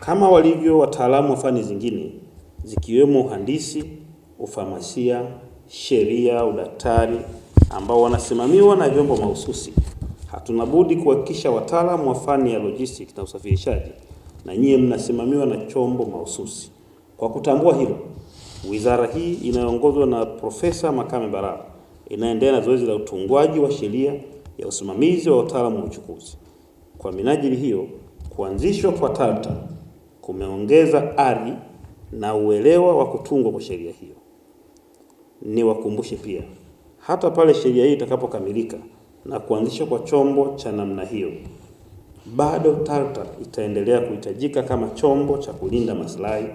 kama walivyo wataalamu wa fani zingine zikiwemo uhandisi, ufamasia, sheria, udaktari ambao wanasimamiwa na vyombo mahususi. Hatuna budi kuhakikisha wataalamu wa fani ya logistics na usafirishaji na nyie mnasimamiwa na chombo mahususi. Kwa kutambua hilo, wizara hii inayoongozwa na Profesa Makame Barara inaendelea na zoezi la utungwaji wa sheria ya usimamizi wa wataalamu wa uchukuzi. Kwa minajili hiyo, kuanzishwa kwa talta kumeongeza ari na uelewa wa kutungwa kwa sheria hiyo. Niwakumbushe pia, hata pale sheria hii itakapokamilika na kuanzishwa kwa chombo cha namna hiyo, bado TARTA itaendelea kuhitajika kama chombo cha kulinda maslahi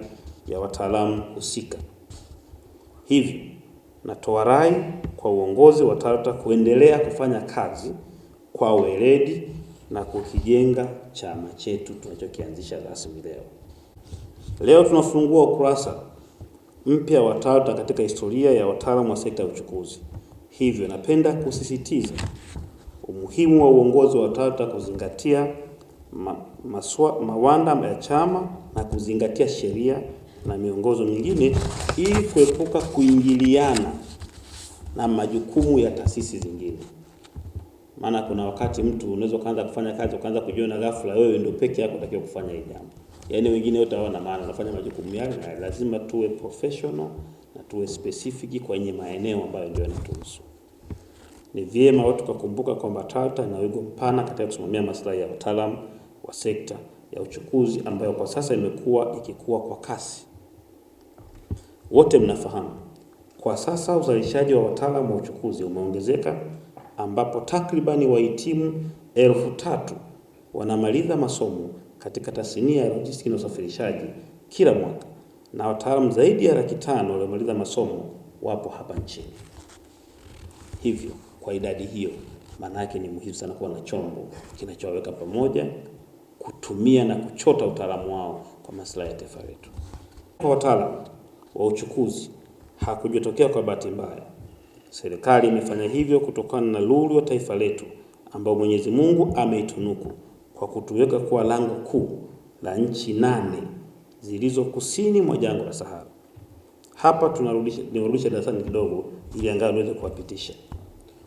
ya wataalamu husika. Hivi natoa rai kwa uongozi wa TARTA kuendelea kufanya kazi kwa weledi na kukijenga chama chetu tunachokianzisha rasmi leo. Leo tunafungua ukurasa mpya wa TARUTA katika historia ya wataalamu wa sekta ya uchukuzi. Hivyo napenda kusisitiza umuhimu wa uongozi wa TARUTA kuzingatia ma, maswa, mawanda ya chama na kuzingatia sheria na miongozo mingine ili kuepuka kuingiliana na majukumu ya taasisi zingine. Maana kuna wakati mtu unaweza kuanza kufanya kazi ukaanza kujiona ghafla wewe ndio peke yako unatakiwa kufanya hili jambo. Yaani wengine wote hawana maana, wanafanya majukumu yale na lazima tuwe professional na tuwe specific kwenye maeneo ambayo ndio yanatuhusu. Ni vyema watu kukumbuka kwamba Tata ina wigo mpana katika kusimamia maslahi ya wataalamu wa sekta ya uchukuzi ambayo kwa sasa imekuwa ikikua kwa kasi. Wote mnafahamu kwa sasa uzalishaji wa wataalamu wa uchukuzi umeongezeka ambapo takribani wahitimu elfu tatu wanamaliza masomo katika tasnia ya lojistiki na usafirishaji kila mwaka na wataalamu zaidi ya laki tano waliomaliza masomo wapo hapa nchini. Hivyo kwa idadi hiyo, maana yake ni muhimu sana kuwa na chombo kinachowaweka pamoja, kutumia na kuchota utaalamu wao kwa maslahi ya taifa letu. Kwa wataalamu wa uchukuzi hakujatokea kwa bahati mbaya. Serikali imefanya hivyo kutokana na lulu ya taifa letu ambayo Mwenyezi Mungu ameitunuku kwa kutuweka kuwa lango kuu la nchi nane zilizo kusini mwa jangwa la Sahara. Hapa tunarudisha darasani kidogo, ili angalau niweze kuwapitisha.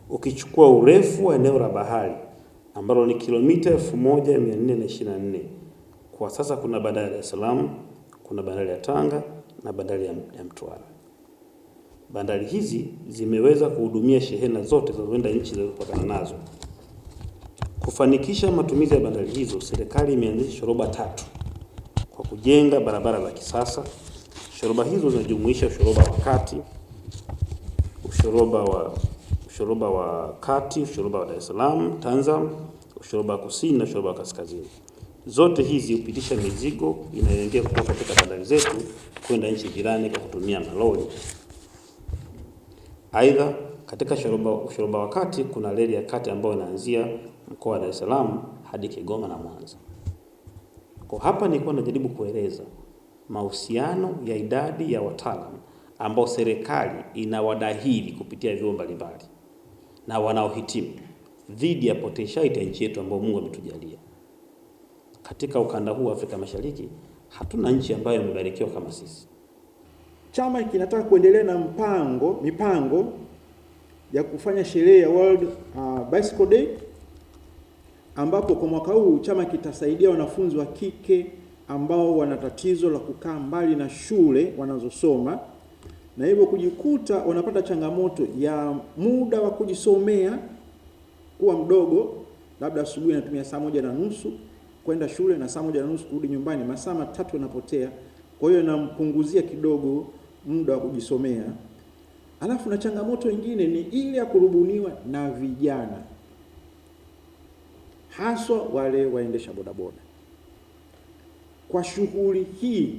Ukichukua urefu wa eneo la bahari ambalo ni kilomita 1424 kwa sasa, kuna bandari ya Dar es Salaam, kuna bandari ya Tanga na bandari ya Mtwara bandari hizi zimeweza kuhudumia shehena zote zinazoenda nchi zinazopakana nazo. Kufanikisha matumizi ya bandari hizo, serikali imeanzisha shoroba tatu kwa kujenga barabara za kisasa. Shoroba hizo zinajumuisha ushoroba wa kati, ushoroba wa ushoroba wa kati, ushoroba wa Dar es Salaam Tanzam, ushoroba wa kusini na ushoroba wa kaskazini. Zote hizi hupitisha mizigo inayoingia kutoka katika bandari zetu kwenda nchi jirani kwa kutumia malori. Aidha, katika shoroba wa wakati kuna reli ya kati ambayo inaanzia mkoa wa Dar es Salaam hadi Kigoma na Mwanza. Kwa hapa nilikuwa najaribu kueleza mahusiano ya idadi ya wataalamu ambao serikali inawadahili kupitia vyuo mbalimbali na wanaohitimu dhidi ya potentiality ya nchi yetu ambayo Mungu ametujalia. Katika ukanda huu wa Afrika Mashariki hatuna nchi ambayo imebarikiwa kama sisi chama kinataka kuendelea na mpango mipango ya kufanya sherehe ya World uh, Bicycle Day ambapo kwa mwaka huu chama kitasaidia wanafunzi wa kike ambao wana tatizo la kukaa mbali na shule wanazosoma na hivyo kujikuta wanapata changamoto ya muda wa kujisomea kuwa mdogo, labda asubuhi anatumia saa moja na nusu kwenda shule na saa moja na nusu kurudi nyumbani, masaa matatu yanapotea. Kwa hiyo inampunguzia kidogo muda wa kujisomea. Alafu na changamoto nyingine ni ile ya kurubuniwa na vijana, haswa wale waendesha bodaboda. Kwa shughuli hii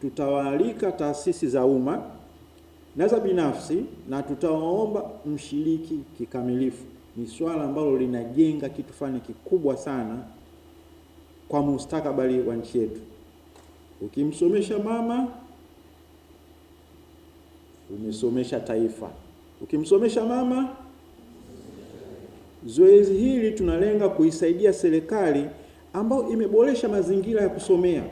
tutawaalika taasisi za umma na za binafsi na tutawaomba mshiriki kikamilifu. Ni swala ambalo linajenga kitu fani kikubwa sana kwa mustakabali wa nchi yetu. Ukimsomesha mama umesomesha taifa. Ukimsomesha mama, zoezi hili tunalenga kuisaidia serikali ambayo imeboresha mazingira ya kusomea,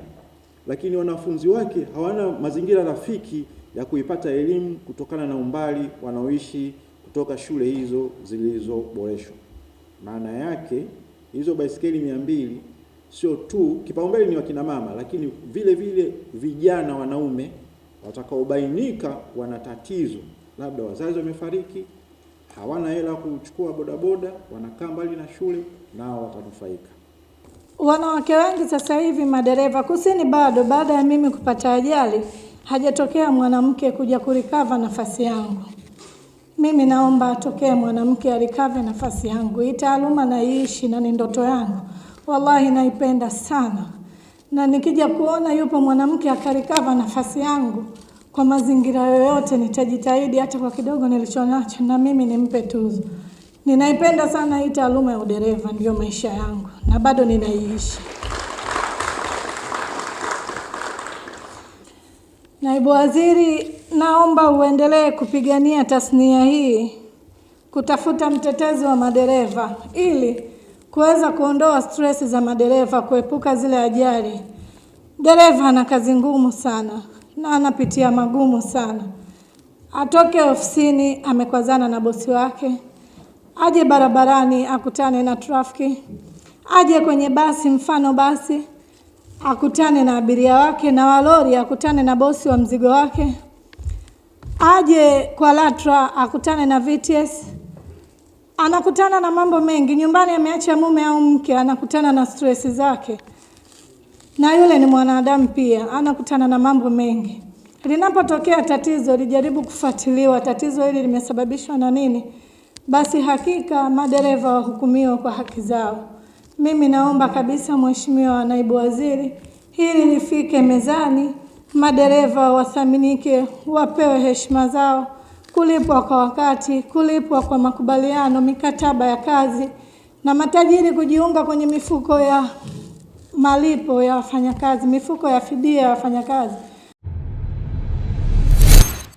lakini wanafunzi wake hawana mazingira rafiki ya kuipata elimu kutokana na umbali wanaoishi kutoka shule hizo zilizoboreshwa. Maana yake hizo baisikeli mia mbili sio tu kipaumbele ni wakina mama, lakini vile vile vijana wanaume watakaobainika wana tatizo, labda wazazi wamefariki, hawana hela kuchukua bodaboda, wanakaa mbali na shule, nao watanufaika. Wanawake wengi sasa hivi madereva kusini, bado baada ya mimi kupata ajali hajatokea mwanamke kuja kurikava nafasi yangu. Mimi naomba atokee mwanamke arikave nafasi yangu. Hii taaluma naiishi na ni ndoto yangu, wallahi naipenda sana na nikija kuona yupo mwanamke akarikava nafasi yangu kwa mazingira yoyote, nitajitahidi hata kwa kidogo nilichonacho na mimi nimpe tuzo. Ninaipenda sana hii taaluma ya udereva, ndiyo maisha yangu na bado ninaiishi. Naibu Waziri, naomba uendelee kupigania tasnia hii, kutafuta mtetezi wa madereva ili kuweza kuondoa stress za madereva, kuepuka zile ajali. Dereva ana kazi ngumu sana na anapitia magumu sana. Atoke ofisini amekwazana na bosi wake, aje barabarani akutane na trafiki, aje kwenye basi, mfano basi akutane na abiria wake, na walori akutane na bosi wa mzigo wake, aje kwa LATRA akutane na VTS anakutana na mambo mengi nyumbani, ameacha mume au mke, anakutana na stress zake, na yule ni mwanadamu pia, anakutana na mambo mengi. Linapotokea tatizo, lijaribu kufuatiliwa tatizo hili limesababishwa na nini, basi hakika madereva wahukumiwa kwa haki zao. Mimi naomba kabisa, Mheshimiwa Naibu Waziri, hili lifike mezani, madereva wathaminike, wapewe heshima zao kulipwa kwa wakati, kulipwa kwa makubaliano, mikataba ya kazi na matajiri kujiunga kwenye mifuko ya malipo ya wafanyakazi, mifuko ya fidia ya wafanyakazi.